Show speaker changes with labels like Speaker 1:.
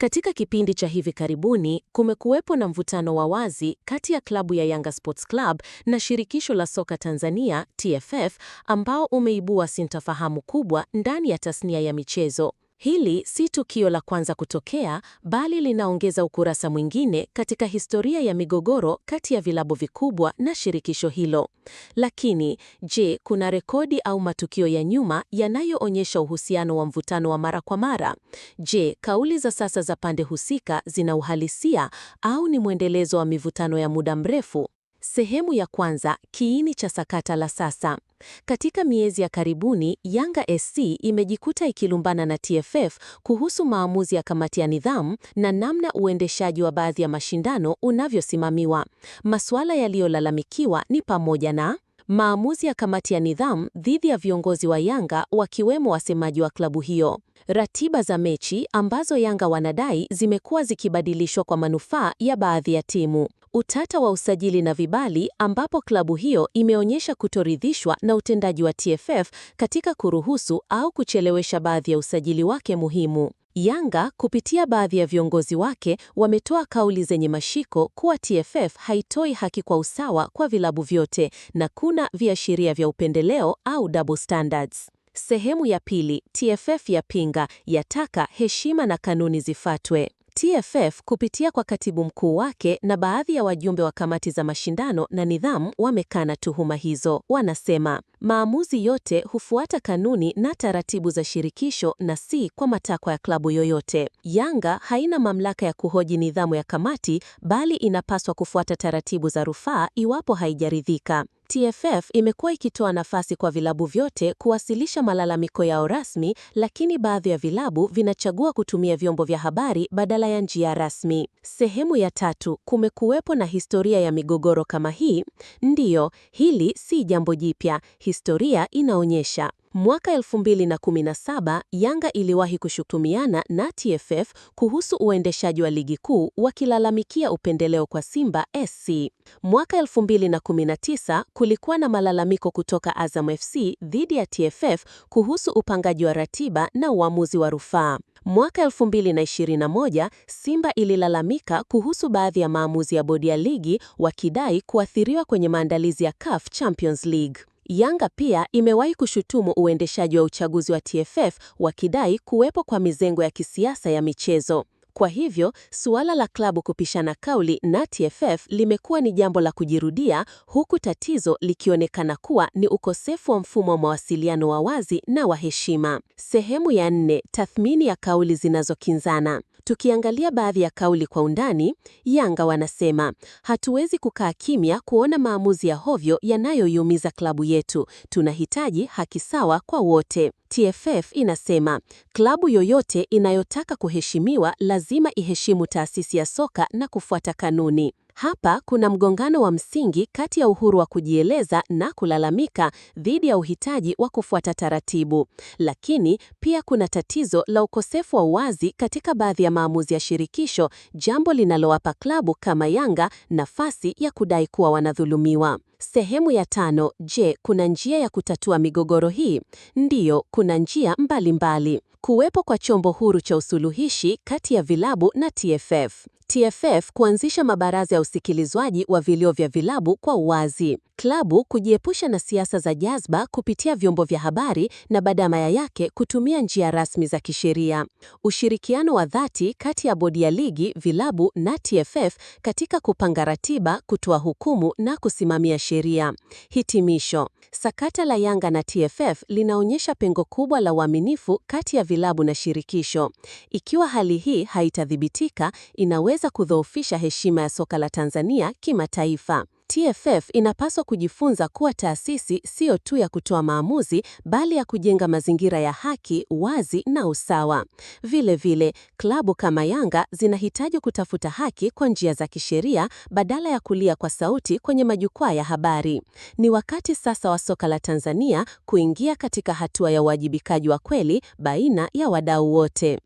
Speaker 1: Katika kipindi cha hivi karibuni kumekuwepo na mvutano wa wazi kati ya klabu ya Yanga Sports Club na shirikisho la soka Tanzania TFF ambao umeibua sintofahamu kubwa ndani ya tasnia ya michezo. Hili si tukio la kwanza kutokea, bali linaongeza ukurasa mwingine katika historia ya migogoro kati ya vilabu vikubwa na shirikisho hilo. Lakini je, kuna rekodi au matukio ya nyuma yanayoonyesha uhusiano wa mvutano wa mara kwa mara? Je, kauli za sasa za pande husika zina uhalisia au ni mwendelezo wa mivutano ya muda mrefu? Sehemu ya kwanza: kiini cha sakata la sasa. Katika miezi ya karibuni, Yanga SC imejikuta ikilumbana na TFF kuhusu maamuzi ya kamati ya nidhamu na namna uendeshaji wa baadhi ya mashindano unavyosimamiwa. Masuala yaliyolalamikiwa ni pamoja na maamuzi ya kamati ya nidhamu dhidi ya viongozi wa Yanga wakiwemo wasemaji wa klabu hiyo, ratiba za mechi ambazo Yanga wanadai zimekuwa zikibadilishwa kwa manufaa ya baadhi ya timu, utata wa usajili na vibali, ambapo klabu hiyo imeonyesha kutoridhishwa na utendaji wa TFF katika kuruhusu au kuchelewesha baadhi ya usajili wake muhimu. Yanga kupitia baadhi ya viongozi wake wametoa kauli zenye mashiko kuwa TFF haitoi haki kwa usawa kwa vilabu vyote na kuna viashiria vya upendeleo au double standards. Sehemu ya pili, TFF yapinga, yataka heshima na kanuni zifuatwe. TFF kupitia kwa katibu mkuu wake na baadhi ya wajumbe wa kamati za mashindano na nidhamu wamekana tuhuma hizo. Wanasema maamuzi yote hufuata kanuni na taratibu za shirikisho na si kwa matakwa ya klabu yoyote. Yanga haina mamlaka ya kuhoji nidhamu ya kamati, bali inapaswa kufuata taratibu za rufaa iwapo haijaridhika. TFF imekuwa ikitoa nafasi kwa vilabu vyote kuwasilisha malalamiko yao rasmi, lakini baadhi ya vilabu vinachagua kutumia vyombo vya habari badala ya njia rasmi. Sehemu ya tatu, kumekuwepo na historia ya migogoro kama hii. Ndiyo, hili si jambo jipya. Historia inaonyesha Mwaka 2017 Yanga iliwahi kushutumiana na TFF kuhusu uendeshaji wa ligi kuu wakilalamikia upendeleo kwa Simba SC. Mwaka 2019 kulikuwa na malalamiko kutoka Azam FC dhidi ya TFF kuhusu upangaji wa ratiba na uamuzi wa rufaa. Mwaka 2021 Simba ililalamika kuhusu baadhi ya maamuzi ya bodi ya ligi wakidai kuathiriwa kwenye maandalizi ya CAF Champions League. Yanga pia imewahi kushutumu uendeshaji wa uchaguzi wa TFF wakidai kuwepo kwa mizengo ya kisiasa ya michezo. Kwa hivyo, suala la klabu kupishana kauli na TFF limekuwa ni jambo la kujirudia, huku tatizo likionekana kuwa ni ukosefu wa mfumo wa mawasiliano wa wazi na wa heshima. Sehemu ya nne: tathmini ya kauli zinazokinzana. Tukiangalia baadhi ya kauli kwa undani, Yanga wanasema hatuwezi kukaa kimya kuona maamuzi ya hovyo yanayoiumiza klabu yetu, tunahitaji haki sawa kwa wote. TFF inasema klabu yoyote inayotaka kuheshimiwa lazima iheshimu taasisi ya soka na kufuata kanuni. Hapa kuna mgongano wa msingi kati ya uhuru wa kujieleza na kulalamika dhidi ya uhitaji wa kufuata taratibu. Lakini pia kuna tatizo la ukosefu wa uwazi katika baadhi ya maamuzi ya shirikisho, jambo linalowapa klabu kama Yanga nafasi ya kudai kuwa wanadhulumiwa. Sehemu ya tano. Je, kuna njia ya kutatua migogoro hii? Ndiyo, kuna njia mbalimbali mbali. Kuwepo kwa chombo huru cha usuluhishi kati ya vilabu na TFF. TFF kuanzisha mabaraza ya usikilizwaji wa vilio vya vilabu kwa uwazi, klabu kujiepusha na siasa za jazba kupitia vyombo vya habari na badala yake kutumia njia rasmi za kisheria, ushirikiano wa dhati kati ya bodi ya ligi, vilabu na TFF katika kupanga ratiba, kutoa hukumu na kusimamia sheria. Hitimisho: sakata la Yanga na TFF linaonyesha pengo kubwa la uaminifu kati ya vilabu na shirikisho. Ikiwa hali hii haitadhibitika, inaweza inaweza kudhoofisha heshima ya soka la Tanzania kimataifa. TFF inapaswa kujifunza kuwa taasisi siyo tu ya kutoa maamuzi bali ya kujenga mazingira ya haki, wazi na usawa. Vile vile, klabu kama Yanga zinahitaji kutafuta haki kwa njia za kisheria badala ya kulia kwa sauti kwenye majukwaa ya habari. Ni wakati sasa wa soka la Tanzania kuingia katika hatua ya uwajibikaji wa kweli baina ya wadau wote.